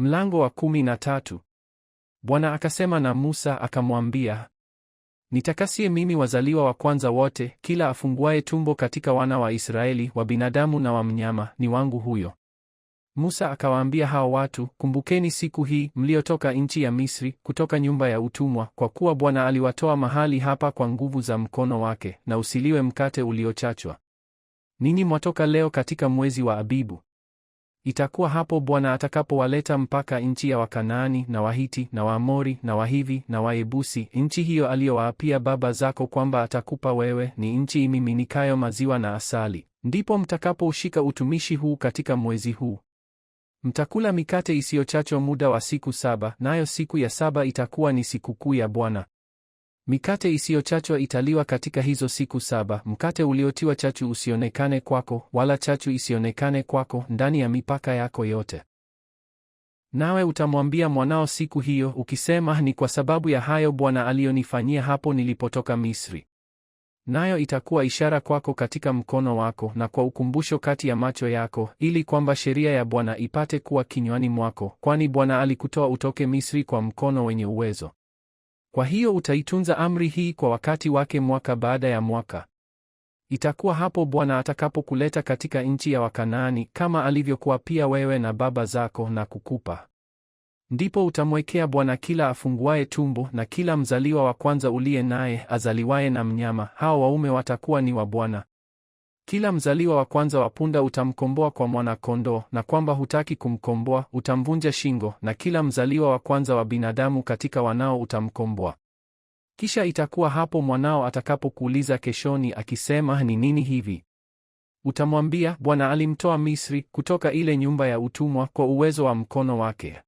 Mlango wa kumi na tatu. Bwana akasema na Musa akamwambia, nitakasie mimi wazaliwa wa kwanza wote, kila afunguaye tumbo katika wana wa Israeli, wa binadamu na wa mnyama, ni wangu huyo. Musa akawaambia hao watu, kumbukeni siku hii mliotoka nchi ya Misri, kutoka nyumba ya utumwa, kwa kuwa Bwana aliwatoa mahali hapa kwa nguvu za mkono wake, na usiliwe mkate uliochachwa. Ninyi mwatoka leo katika mwezi wa Abibu. Itakuwa hapo Bwana atakapowaleta mpaka nchi ya Wakanaani na Wahiti na Waamori na Wahivi na Wayebusi, nchi hiyo aliyowaapia baba zako kwamba atakupa wewe, ni nchi imiminikayo maziwa na asali. Ndipo mtakapoushika utumishi huu katika mwezi huu. Mtakula mikate isiyochacho muda wa siku saba, nayo siku ya saba itakuwa ni sikukuu ya Bwana. Mikate isiyochachwa italiwa katika hizo siku saba, mkate uliotiwa chachu usionekane kwako, wala chachu isionekane kwako ndani ya mipaka yako yote. Nawe utamwambia mwanao siku hiyo, ukisema, ni kwa sababu ya hayo Bwana aliyonifanyia hapo nilipotoka Misri. Nayo itakuwa ishara kwako katika mkono wako na kwa ukumbusho kati ya macho yako, ili kwamba sheria ya Bwana ipate kuwa kinywani mwako, kwani Bwana alikutoa utoke Misri kwa mkono wenye uwezo. Kwa hiyo utaitunza amri hii kwa wakati wake mwaka baada ya mwaka. Itakuwa hapo Bwana atakapokuleta katika nchi ya Wakanaani kama alivyokuwa pia wewe na baba zako na kukupa. Ndipo utamwekea Bwana kila afunguaye tumbo na kila mzaliwa wa kwanza uliye naye azaliwaye na mnyama; hao waume watakuwa ni wa Bwana, kila mzaliwa wa kwanza wa punda utamkomboa kwa mwana na kwamba hutaki kumkomboa utamvunja shingo, na kila mzaliwa wa kwanza wa binadamu katika wanao utamkomboa. Kisha itakuwa hapo mwanao atakapokuuliza keshoni akisema, ni nini hivi? Utamwambia, Bwana alimtoa Misri kutoka ile nyumba ya utumwa kwa uwezo wa mkono wake.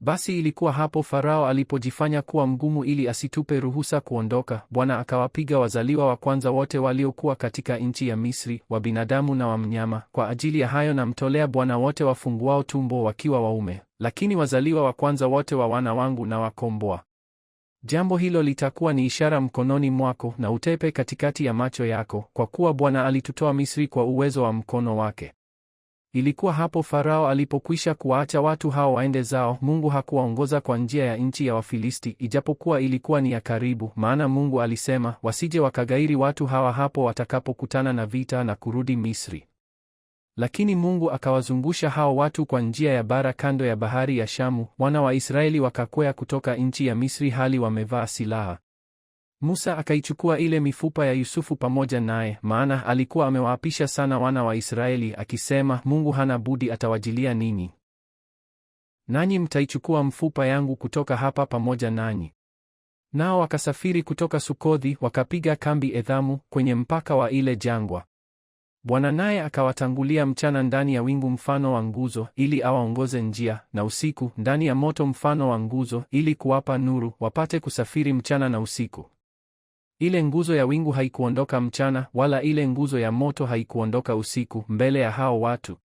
Basi ilikuwa hapo Farao alipojifanya kuwa mgumu ili asitupe ruhusa kuondoka, Bwana akawapiga wazaliwa wa kwanza wote waliokuwa katika nchi ya Misri, wa binadamu na wa mnyama. Kwa ajili ya hayo namtolea Bwana wote wafunguao tumbo wakiwa waume, lakini wazaliwa wa kwanza wote wa wana wangu na wakomboa. Jambo hilo litakuwa ni ishara mkononi mwako na utepe katikati ya macho yako, kwa kuwa Bwana alitutoa Misri kwa uwezo wa mkono wake. Ilikuwa hapo Farao alipokwisha kuwaacha watu hao waende zao. Mungu hakuwaongoza kwa njia ya nchi ya Wafilisti, ijapokuwa ilikuwa ni ya karibu, maana Mungu alisema wasije wakagairi watu hawa hapo watakapokutana na vita na kurudi Misri. Lakini Mungu akawazungusha hao watu kwa njia ya bara kando ya bahari ya Shamu. Wana wa Israeli wakakwea kutoka nchi ya Misri hali wamevaa silaha. Musa akaichukua ile mifupa ya Yusufu pamoja naye, maana alikuwa amewaapisha sana wana wa Israeli akisema, Mungu hana budi atawajilia ninyi, nanyi mtaichukua mfupa yangu kutoka hapa pamoja nanyi. Nao wakasafiri kutoka sukodhi wakapiga kambi Edhamu kwenye mpaka wa ile jangwa. Bwana naye akawatangulia mchana ndani ya wingu mfano wa nguzo, ili awaongoze njia, na usiku ndani ya moto mfano wa nguzo, ili kuwapa nuru, wapate kusafiri mchana na usiku. Ile nguzo ya wingu haikuondoka mchana, wala ile nguzo ya moto haikuondoka usiku mbele ya hao watu.